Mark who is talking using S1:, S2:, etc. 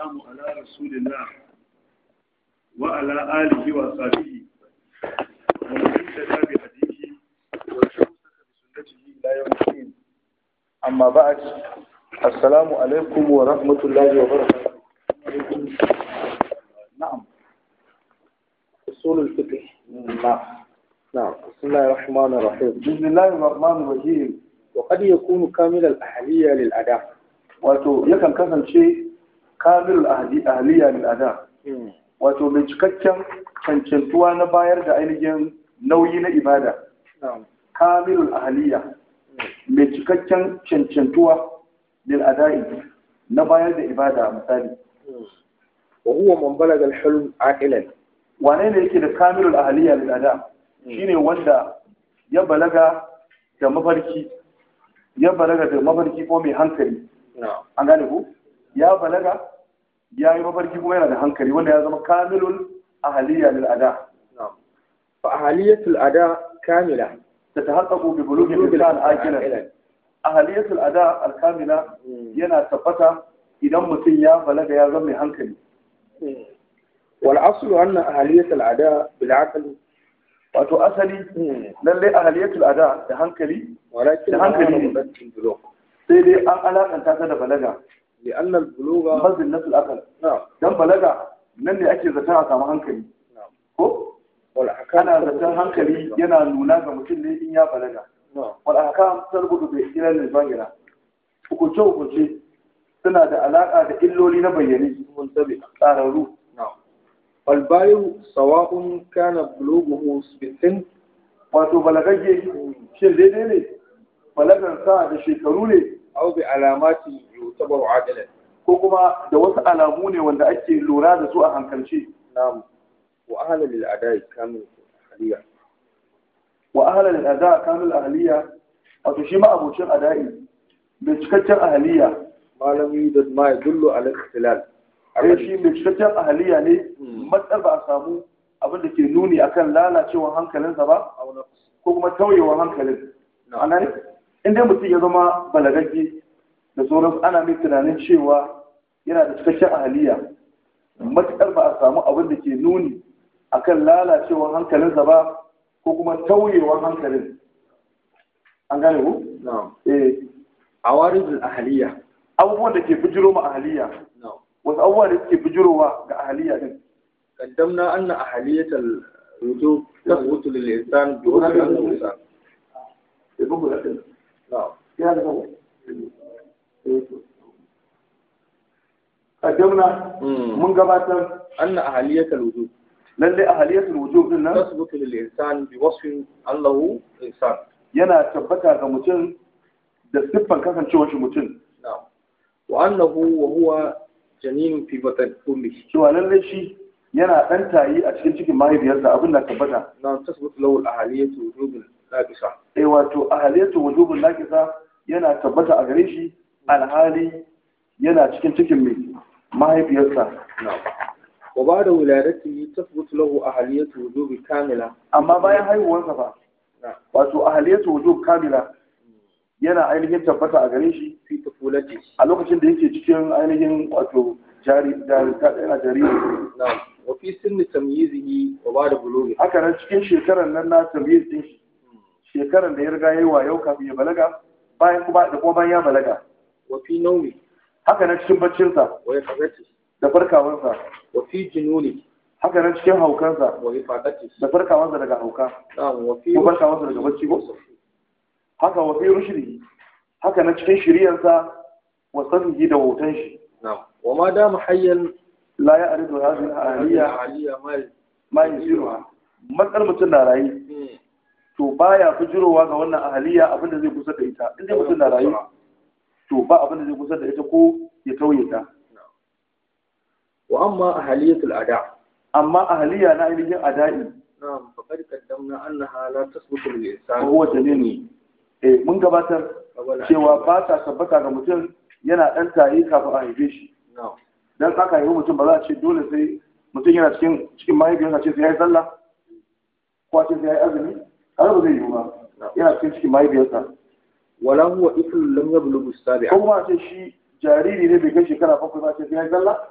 S1: والسلام على رسول الله وعلى آله وصحبه ومن تبع بهديه واستمسك بسنته إلى يوم الدين أما بعد السلام عليكم ورحمه الله وبركاته نعم اصول الفقه نعم نعم بسم الله الرحمن الرحيم بسم الله الرحمن الرحيم وقد يكون كامل الأهلية للأداء wato yakan kasance kamilul ahliya lil ada hmm. wato mai cikakken cancantuwa na bayar da ainihin nauyi na ibada kamilul ahliya hmm. mai cikakken cancantuwa lil ada na bayar da ibada misali hmm. wa huwa man balaga al-hulm a'ilan wane ne yake da kamilul ahliya lil ada shine wanda ya balaga da mafarki ya balaga da mafarki ko mai hankali an gane ku ya balaga يا يبارك فيكم أنا هنكري ولا هذا كامل أهلية للأداء نعم فأهلية الأداء كاملة تتحقق ببلوغ الإنسان عاجلا أهلية الأداء الكاملة ينا تبتا إذا مسيا فلك يا زمي هنكري والأصل أن أهلية الأداء بالعقل وأتو أسلي للي أهلية الأداء تهنكلي ولكن تهنكلي سيدي أم أن تأتي بلغة لأن البلوغ بس الناس الأقل نعم بلغة nan ne ake zaton a samu hankali ko ana zaton hankali yana nuna ga mutum ne in ya balaga wal ahkam tarbudu bi ilal al-bayyina hukunce suna da alaka da illoli na bayyane mun tabi tsararru wal bayu sawa'un kana bulughuhu bisin wato balagagge shin daidai ne balagan sa da shekaru ne au bi alamati yu'tabaru aqilan ko kuma da wasu alamu ne wanda ake lura da su a hankalce na'am wa ahla lil ada'i kamil ahliya wa ahla lil ada'i kamil ahliya wato shi ma abocin ada'i mai cikakken ahliya malami da ma yadullu ala ikhtilal ai eh, shi mai cikakken ahliya ne hmm. matsar ba a samu abin da ke nuni akan lalacewar hankalinsa ba ko kuma tauyewar hankalin ana in dai mutum ya zama balagaggi da sauransu ana mai tunanin cewa yana da cikakken ahaliya matuƙar ba a samu abin da ke nuni akan lalacewar hankalinsa ba ko kuma tauyewar hankalin an gane ku? eh a warizin ahaliya abubuwan da ke bijiro ma ahaliya wasu abubuwa da suke bijirowa ga ahaliya din qaddamna anna ahaliyatal ta tathbutu lil insan bi usul al قدمنا من قبل أن أهلية الوجود للي أهلية الوجود لنا تثبت للإنسان بوصف الله إنسان yana tabbata ga mutum da siffan kasancewar shi mutum wa annahu wa huwa janin fi batan ummi cewa lalle shi yana dan tayi a cikin cikin mahaifiyarsa abin da tabbata na tasbutu lahu ahliyatu wujubul naqisa eh wato ahliyatu wujubul naqisa yana tabbata a gare shi alhali yana cikin cikin mai mahaifiyarsa wa ba da wularati tasbutu lahu wujo bi kamila amma bayan haihuwarsa ba wato a ahliyatu wujub kamila yana ainihin tabbata a gare shi fi tafulati a lokacin da yake cikin ainihin wato jari jari yana jari na wa fi sinni yi wa ba da bulogi haka nan cikin shekarar nan na tamyiz din shi hmm. shekaran da ya riga wa yau kafin ya balaga bayan kuma da kuma bayan ya balaga wa fi haka nan cikin baccinsa wa ya yafadati da farkawarsa wa fi jununi haka nan cikin haukansa wa ya yafadati da farkawarsa daga hauka wa fi farkawansa daga bacci ko haka wa fi rushdi haka nan cikin shiriyarsa wa safihi da hoton shi wa ma da muhayyan la ya'ridu hadhihi al-aliyya ma yusiruha matsar mutum na rayu hmm. to baya fujirowa ga wannan ahaliya abinda zai kusa da ita in dai mutum na rayu to ba abin da zai kusa da ita ko ya tauye ta wa amma ahaliyatul ada amma ahaliya na ainihin ada'i na'am faqad qaddamna annaha la tasbutu lil insan huwa dalili eh mun gabatar cewa ba ta tabbata ga mutum yana dan tayi kafin a haife shi dan aka haifi mutum ba za a ce dole sai mutum yana cikin cikin mahaifiyarsa ce sai yayi sallah ko a ce sai yi azumi har ba zai yi ba yana cikin cikin mahaifiyarsa wala huwa iflu lam yablughu sabi'a kuma sai shi jariri ne bai kai shekara bakwai ba sai ya zalla